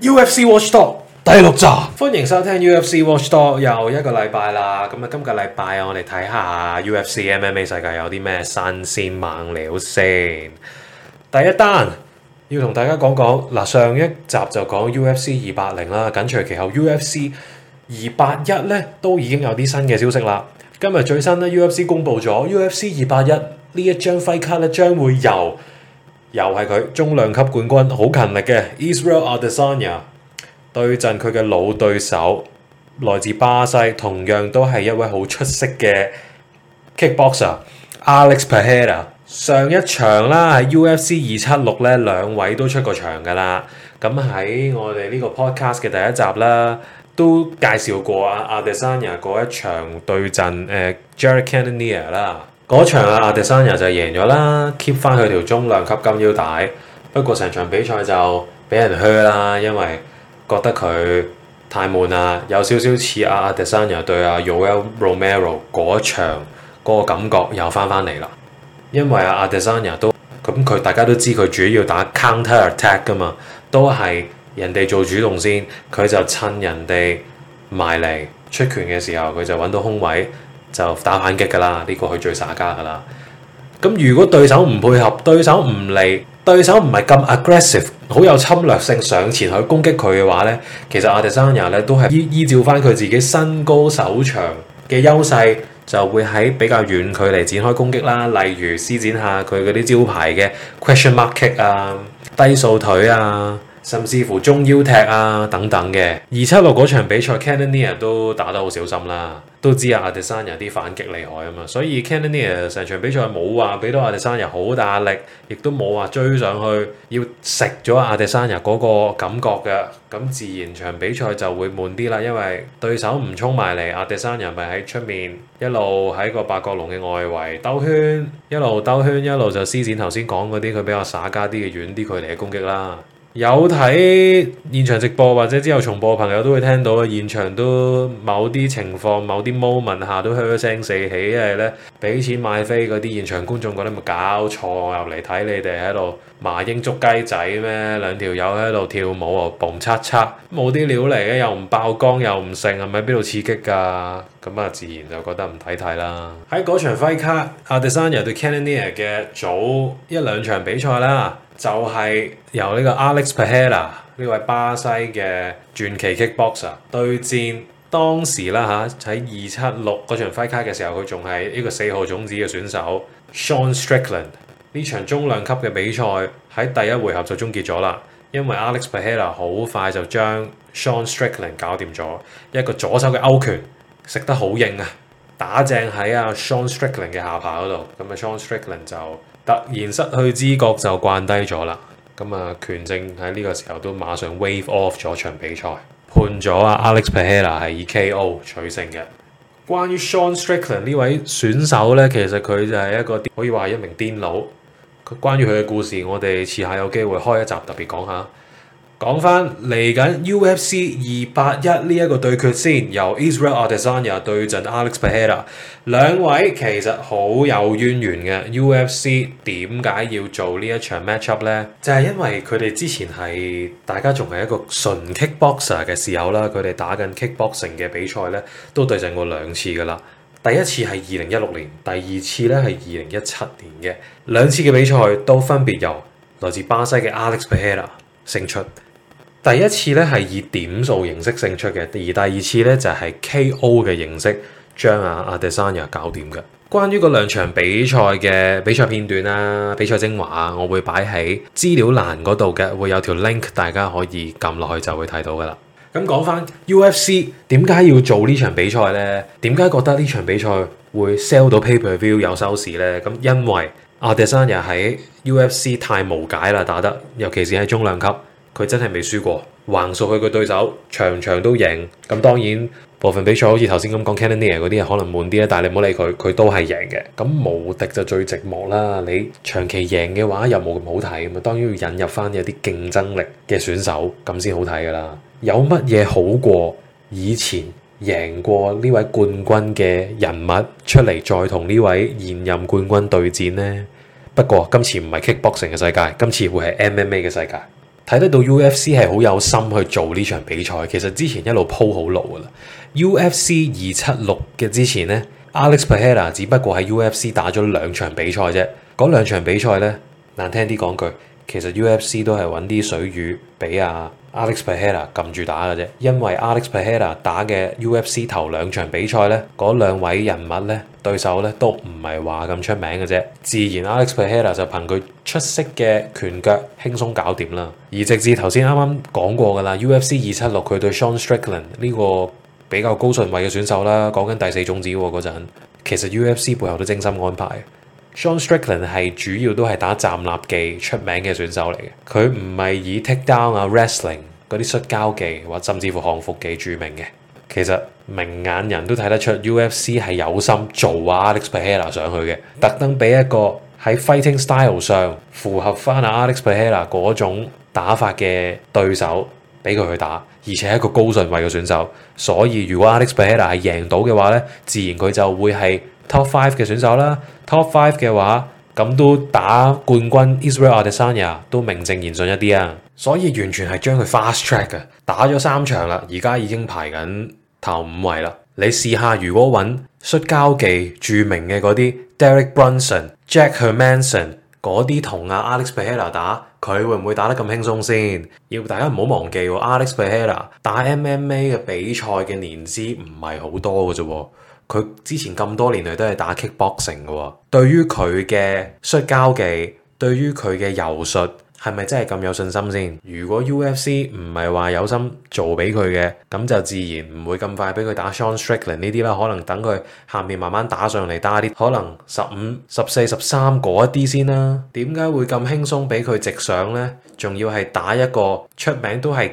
UFC Watchdog 第六集，歡迎收聽 UFC Watchdog 又一個禮拜啦，咁啊今個禮拜我哋睇下 UFC MMA 世界有啲咩新鮮猛料先。第一單要同大家講講，嗱上一集就講 UFC 二八零啦，緊隨其後 UFC 二八一咧都已經有啲新嘅消息啦。今日最新咧 UFC 公布咗 UFC 二八一呢一張飛卡咧將會由。又係佢中量級冠軍，好勤力嘅 Israel Adesanya 對陣佢嘅老對手，來自巴西，同樣都係一位好出色嘅 kickboxer Alex Pereira。上一場啦，喺 UFC 二七六咧，兩位都出過場噶啦。咁喺我哋呢個 podcast 嘅第一集啦，都介紹過阿阿、啊、desanya 嗰一場對陣誒 Jared Cannonier 啦。呃嗰場啊，阿迪莎尼就贏咗啦，keep 翻佢條中量級金腰帶。不過成場比賽就俾人噓啦，因為覺得佢太悶啦，有少少似阿阿迪莎尼對阿、啊、Joel Romero 嗰場嗰、嗰個感覺又翻返嚟啦。因為阿阿迪莎尼都咁佢大家都知佢主要打 counter attack 噶嘛，都係人哋做主動先，佢就趁人哋埋嚟，出拳嘅時候，佢就揾到空位。就打反擊㗎啦！呢個佢最耍家㗎啦。咁如果對手唔配合、對手唔嚟、對手唔係咁 aggressive、好有侵略性上前去攻擊佢嘅話呢，其實阿迪桑亞咧都係依依照翻佢自己身高手長嘅優勢，就會喺比較遠距離展開攻擊啦。例如施展下佢嗰啲招牌嘅 question mark kick 啊、低掃腿啊。甚至乎中腰踢啊等等嘅，二七六嗰場比賽，Cannonier 都打得好小心啦，都知啊亞迪山人啲反擊厲害啊嘛，所以 Cannonier 成場比賽冇話俾到亞迪山人好大壓力，亦都冇話追上去要食咗亞迪山人嗰個感覺嘅，咁自然場比賽就會悶啲啦，因為對手唔衝埋嚟，亞迪山人咪喺出面一路喺個八角龍嘅外圍兜圈，一路兜圈一路就施展頭先講嗰啲佢比較耍家啲嘅遠啲距離嘅攻擊啦。有睇現場直播或者之後重播，朋友都會聽到啊，現場都某啲情況，某啲 moment 下都噓聲四起，因為呢俾錢買飛嗰啲現場觀眾覺得咪，嗯、搞錯入嚟睇你哋喺度麻鷹捉雞仔咩？兩條友喺度跳舞啊，蹦嚓嚓，冇啲料嚟嘅，又唔爆光又唔剩，係咪邊度刺激噶？咁啊，自然就覺得唔睇睇啦。喺嗰場 fight cardAdesanya 對 Cannonier 嘅早一兩場比賽啦。就係由呢個 Alex Pereira 呢位巴西嘅傳奇 kickboxer 對戰當時啦吓喺二七六嗰場揮卡嘅時候佢仲係一個四號種子嘅選手 Sean Strickland 呢場中量級嘅比賽喺第一回合就終結咗啦因為 Alex Pereira 好快就將 Sean Strickland 搞掂咗一個左手嘅勾拳食得好硬啊打正喺啊 Sean Strickland 嘅下巴度咁啊 Sean Strickland 就突然失去知覺就掛低咗啦，咁啊拳證喺呢個時候都馬上 wave off 咗場比賽，判咗啊 Alex Pereira 係以 KO 取勝嘅。關於 Sean Strickland 呢位選手呢，其實佢就係一個可以話係一名癲佬。關於佢嘅故事，我哋遲下有機會開一集特別講下。講翻嚟緊 UFC 二八一呢一個對決先，由 Israel Adesanya 對陣 Alex Pereira 兩位其實好有淵源嘅。UFC 點解要做呢一場 matchup 呢？就係、是、因為佢哋之前係大家仲係一個純 kickboxer 嘅時候啦，佢哋打緊 kickboxing 嘅比賽呢，都對陣過兩次噶啦。第一次係二零一六年，第二次呢係二零一七年嘅兩次嘅比賽，都分別由來自巴西嘅 Alex Pereira 勝出。第一次咧係以點數形式勝出嘅，而第二次咧就係 KO 嘅形式將阿 Adesanya 搞掂嘅。關於嗰兩場比賽嘅比賽片段啊、比賽精華啊，我會擺喺資料欄嗰度嘅，會有條 link 大家可以撳落去就會睇到噶啦。咁講翻 UFC 點解要做呢場比賽呢？點解覺得呢場比賽會 sell 到 pay per view 有收視呢？咁因為 Adesanya 喺 UFC 太無解啦打得，尤其是喺中量級。佢真係未輸過，橫掃佢嘅對手，場場都贏。咁當然部分比賽好似頭先咁講 Cannonier 嗰啲可能悶啲咧，但係你唔好理佢，佢都係贏嘅。咁無敵就最寂寞啦。你長期贏嘅話又冇咁好睇，咁啊當然要引入翻有啲競爭力嘅選手咁先好睇噶啦。有乜嘢好過以前贏過呢位冠軍嘅人物出嚟再同呢位現任冠軍對戰呢？不過今次唔係 Kickboxing 嘅世界，今次會係 MMA 嘅世界。睇得到 UFC 係好有心去做呢場比賽，其實之前一路鋪好路㗎喇。UFC 二七六嘅之前呢、啊、Alex Pereira 只不過喺 UFC 打咗兩場比賽啫，嗰兩場比賽呢，難聽啲講句，其實 UFC 都係揾啲水魚畀啊，Alex Pereira 撳住打嘅啫，因為 Alex Pereira 打嘅 UFC 頭兩場比賽咧，嗰兩位人物咧、對手咧都唔係話咁出名嘅啫，自然 Alex Pereira 就憑佢出色嘅拳腳輕鬆搞掂啦。而直至頭先啱啱講過嘅啦，UFC 二七六佢對 Sean Strickland 呢個比較高順位嘅選手啦，講緊第四種子嗰陣，其實 UFC 背後都精心安排。John Strickland 係主要都係打站立技出名嘅選手嚟嘅，佢唔係以 take down 啊、wrestling 嗰啲摔跤技或甚至乎降服技著名嘅。其實明眼人都睇得出 UFC 係有心做阿 Alex Pereira 上去嘅，特登俾一個喺 fighting style 上符合翻阿 Alex Pereira 嗰種打法嘅對手俾佢去打，而且係一個高順位嘅選手。所以如果 Alex Pereira 係贏到嘅話咧，自然佢就會係，Top five 嘅選手啦，Top five 嘅話咁都打冠軍 Israel Adesanya 都名正言順一啲啊，所以完全係將佢 fast track 嘅。打咗三場啦，而家已經排緊頭五位啦。你試下如果揾摔跤技著名嘅嗰啲 Derek Brunson、Jack Hermanson 嗰啲同阿 Alex Pereira 打，佢會唔會打得咁輕鬆先？要大家唔好忘記喎，Alex Pereira 打 MMA 嘅比賽嘅年資唔係好多嘅啫。佢之前咁多年嚟都係打 kickboxing 嘅喎，對於佢嘅摔跤技，對於佢嘅柔術，係咪真係咁有信心先？如果 UFC 唔係話有心做俾佢嘅，咁就自然唔會咁快俾佢打 Sean Strickland 呢啲啦，可能等佢下面慢慢打上嚟打啲，可能十五、啊、十四、十三嗰一啲先啦。點解會咁輕鬆俾佢直上呢？仲要係打一個出名都係。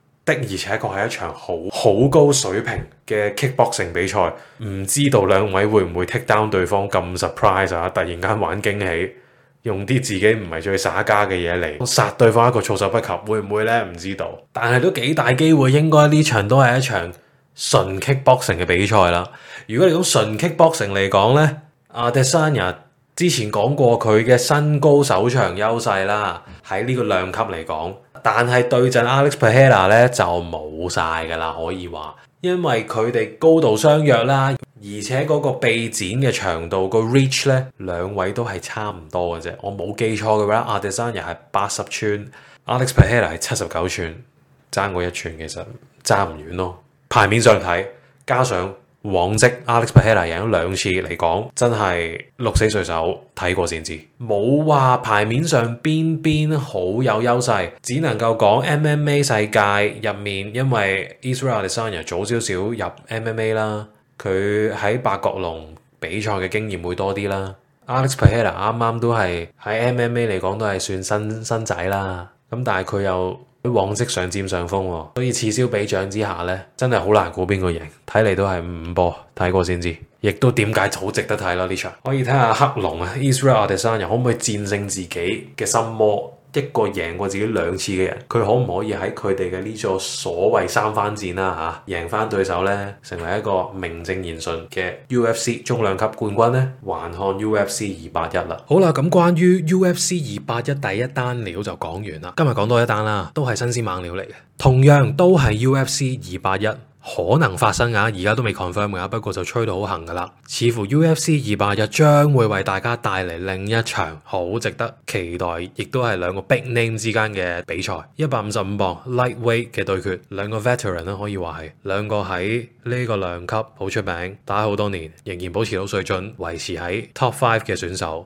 的而且確係一場好好高水平嘅 kickboxing 比賽，唔知道兩位會唔會 take down 對方咁 surprise 啊！突然間玩驚喜，用啲自己唔係最耍家嘅嘢嚟殺對方一個措手不及，會唔會呢？唔知道，但係都幾大機會，應該呢場都係一場純 kickboxing 嘅比賽啦。如果嚟講純 kickboxing 嚟講呢，阿、啊、Adesanya 之前講過佢嘅身高、手長優勢啦，喺呢個量級嚟講。但係對陣 Alex Pereira 咧就冇晒㗎啦，可以話，因為佢哋高度相若啦，而且嗰個臂展嘅長度個 reach 咧，兩位都係差唔多嘅啫，我冇記錯嘅話，Adesanya 係八十寸，Alex Pereira 係七十九寸，爭過一寸其實爭唔遠咯，牌面上睇加上，往績 Alex Pereira 贏咗兩次嚟講，真係六死隨手，睇過先知。冇話牌面上邊邊好有優勢，只能夠講 MMA 世界入面，因為 Israel Adesanya 早少少入 MMA 啦，佢喺八角籠比賽嘅經驗會多啲啦。 Alex Pereira 啱啱都係喺 MMA 嚟講都係算新新仔啦，咁但係佢又。往績上佔上風喎，所以此消彼長之下呢，真係好難估邊個贏。睇嚟都係五五波，睇過先知。亦都點解好值得睇啦呢場？可以睇下黑龍啊，Israel Adesanya 可唔可以戰勝自己嘅心魔？一個贏過自己兩次嘅人，佢可唔可以喺佢哋嘅呢座所謂三番戰啦吓、啊，贏返對手呢，成為一個名正言順嘅 UFC 中量級冠軍呢？還看 UFC 二八一啦。好啦，咁關於 UFC 二八一第一單料就講完啦。今日講多一單啦，都係新鮮猛料嚟嘅，同樣都係 UFC 二八一。可能發生啊！而家都未 confirm 啊，不過就吹到好行㗎啦。似乎 UFC 281將會為大家帶嚟另一場好值得期待，亦都係兩個 big name 之間嘅比賽。一百五十五磅 lightweight 嘅對決，兩個 veteran 啦，可以話係兩個喺呢個量級好出名，打好多年，仍然保持到水準，維持喺 top five 嘅選手，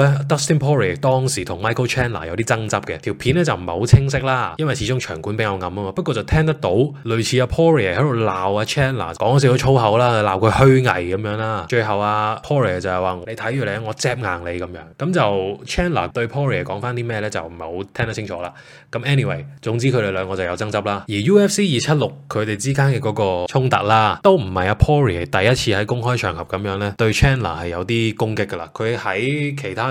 Dustin Poirier 當時同 Michael Chandler 有啲爭執嘅，條片咧就唔係好清晰啦，因為始終場館比較暗啊嘛。不過就聽得到類似阿、啊、Poirier 喺度鬧阿、啊、Chandler，講少少粗口啦，鬧佢虛偽咁樣啦。最後阿、啊、Poirier 就係話：你睇住你，我錫硬你咁樣。咁就 Chandler 對 Poirier 講翻啲咩咧，就唔係好聽得清楚啦。咁 anyway，總之佢哋兩個就有爭執啦。而 UFC 二七六佢哋之間嘅嗰個衝突啦，都唔係阿 Poirier 第一次喺公開場合咁樣咧對 Chandler 係有啲攻擊㗎啦。佢喺其他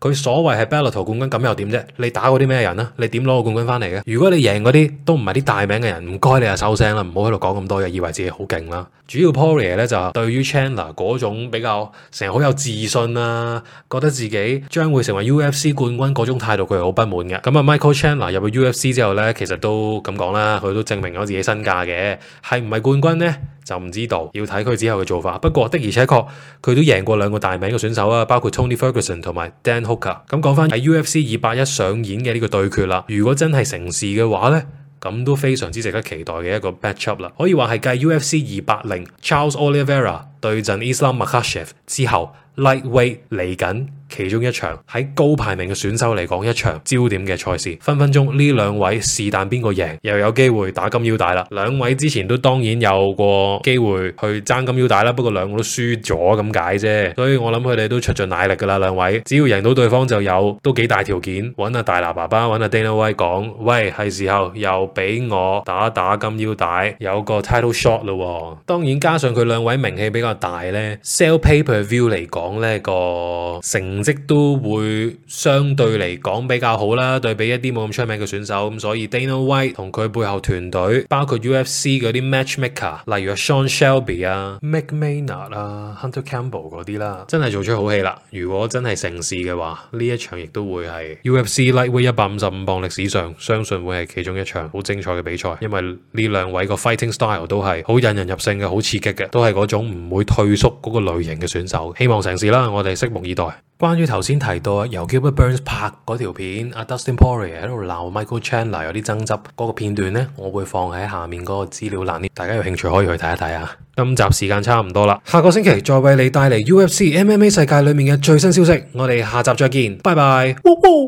佢所謂係 Bellator 冠軍咁又點啫？你打過啲咩人啊？你點攞個冠軍翻嚟嘅？如果你贏嗰啲都唔係啲大名嘅人，唔該你就收聲啦，唔好喺度講咁多嘅，以為自己好勁啦。主要 Poirier 咧就對於 Chandler 嗰種比較成日好有自信啊，覺得自己將會成為 UFC 冠軍嗰種態度，佢係好不滿嘅。咁啊 Michael Chandler 入去 UFC 之後咧，其實都咁講啦，佢都證明咗自己身價嘅，係唔係冠軍呢？就唔知道，要睇佢之後嘅做法。不過的而且確，佢都贏過兩個大名嘅選手啊，包括 Tony Ferguson 同埋 Dan Hooker。咁講返喺 UFC 二八一上演嘅呢個對決啦，如果真係成事嘅話呢，咁都非常之值得期待嘅一個 matchup 啦。可以話係繼 UFC 二八零 Charles Oliveira 對陣 Islam Makhachev 之後。Lightweight 嚟緊其中一場喺高排名嘅選手嚟講一場焦點嘅賽事，分分鐘呢兩位是但邊個贏又有機會打金腰帶啦！兩位之前都當然有過機會去爭金腰帶啦，不過兩個都輸咗咁解啫。所以我諗佢哋都出盡奶力噶啦，兩位只要贏到對方就有都幾大條件揾阿大拿爸爸揾阿 Dana White 講：喂，係時候又俾我打打金腰帶，有個 title shot 咯。當然加上佢兩位名氣比較大呢 sell pay per view 嚟講。講呢個成績都會相對嚟講比較好啦，對比一啲冇咁出名嘅選手，咁、嗯、所以 Dana White 同佢背後團隊，包括 UFC 嗰啲 Matchmaker，例如 Sean Shelby 啊、Mick Maynard 啦、啊、Hunter Campbell 嗰啲啦，真係做出好戲啦。如果真係成事嘅話，呢一場亦都會係 UFC Lightweight 一百五十五磅歷史上，相信會係其中一場好精彩嘅比賽，因為呢兩位個 fighting style 都係好引人入勝嘅，好刺激嘅，都係嗰種唔會退縮嗰個類型嘅選手，希望成。同事啦，我哋拭目以待。關於頭先提到由 Gilbert Burns 拍嗰條片，阿 Dustin Poirier 喺度鬧 Michael Chandler 有啲爭執嗰、嗰個片段呢，我會放喺下面嗰個資料欄呢，大家有興趣可以去睇一睇啊。今集時間差唔多啦，下個星期再為你帶嚟 UFC MMA 世界裏面嘅最新消息，我哋下集再見，拜拜。哦哦